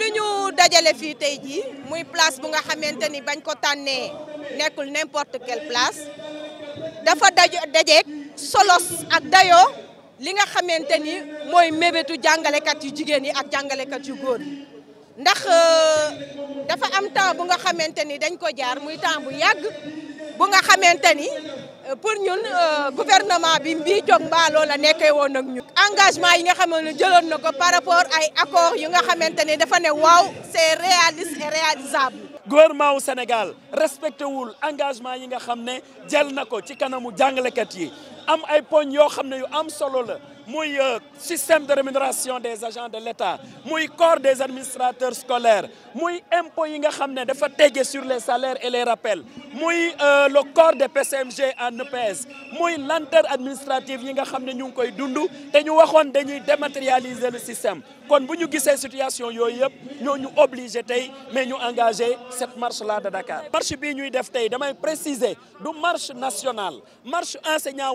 li ñu dajale fii tey jii muy place bu nga xamante ni bañ ko tànnee nekkul n'importe quelle place dafa daj dajeeg solos ak dayoo li nga xamante ni mooy mébétu jàngalekat yu jigéen yi ak jàngalekat yu góor yi ndax euh, dafa am temps bu nga xamante ni dañ ko jaar muy temps bu yàgg bu nga xamante ni euh, pour ñun euh, gouvernement bi mbii jóg mbaaloo la nekkee woon ak ñun. engagement yi nga xam ne jëloon na ko par rapport ay accords yu nga xamante ni dafa ne waaw c'est réaliste et réalisable. gouvernement wu Sénégal respecté wul engagement yi nga xam ne jël na ko ci kanamu jàngalekat yi. am ay poñ yo xamné yu am solo la moy euh, système de rémunération des agents de l'État moy corps des administrateurs scolaires moy impôts yi nga xamné dafa sur les salaires et les rappels moy euh, le corps des PCMG en EPS moy lenteur administrative yi nga xamné ñu ngi koy té ñu waxone dañuy dématérialiser le système kon buñu gissé situation yooyu nous ñoñu obligé tay mais ñu engagé cette marche là de Dakar marche bi ñuy def tay damay préciser du marche nationale marche enseignant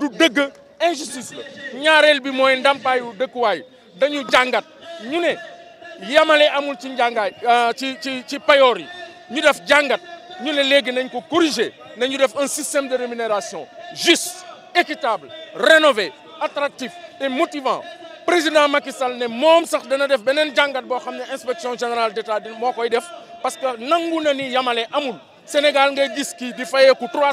du dëgg injustice la ñaareel bi mooy ndàmpaayu dëkkuwaay dañu jàngat ñu ne yamale amul ci njàngaay euh, ci ci ci payoor yi ñu def jàngat ñu nañ ko corriger nañu def un système de rémunération juste équitable rénové attractif et motivant président Macky Sall ne moom sax dana def beneen jàngat boo xam inspection générale d'État moo koy def parce que nangu ni yamale amul Sénégal ngay gis kii di fayeeku trois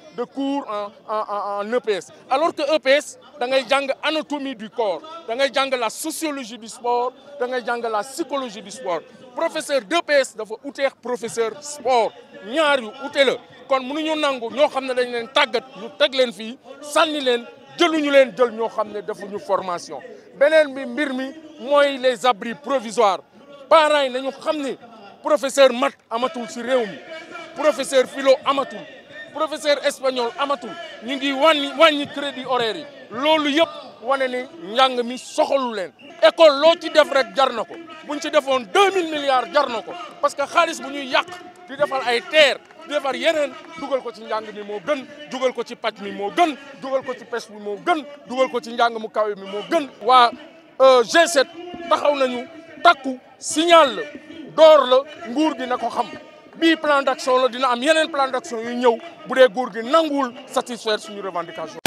de cours en, en, en EPS. E Alors que EPS, tu as l'anatomie du corps, tu as la sociologie du sport, tu as la psychologie du sport. Professeur d'EPS, dafa uteex professeur sport ñaar yu ute la kon mënuñu nangu ño xam dañ leen tagat ñu tegg leen fi sanni leen jëluñu leen jël ño xam ne formation benen bi mbir mi moy les abris provisoires parents yi nañu xam professeur mat amatul ci réew mi professeur philo amatul professeur espagnol amatul ñu ngi wàññi wàññi crédit horaire yi lolu yëpp wone ni ñang mi soxalu leen école lo ci def rek jarnako buñ ci defoon 2000 milliards jarnako parce que xaliss bu ñuy yàq di defal ay terre di defar yenen duggal ko ci njàng mi mo gën duggal ko ci patch mi mo gën duggal ko ci pes mi mo gën duggal ko ci njàng mu kawé mi mo gën wa euh, G7 taxaw nañu takku signal dor la nguur gi nako xam bii plan d'action la dina am yeneen plan d'action yu ñëw bu dee góor gi nanguwul satisfaire suñu revendication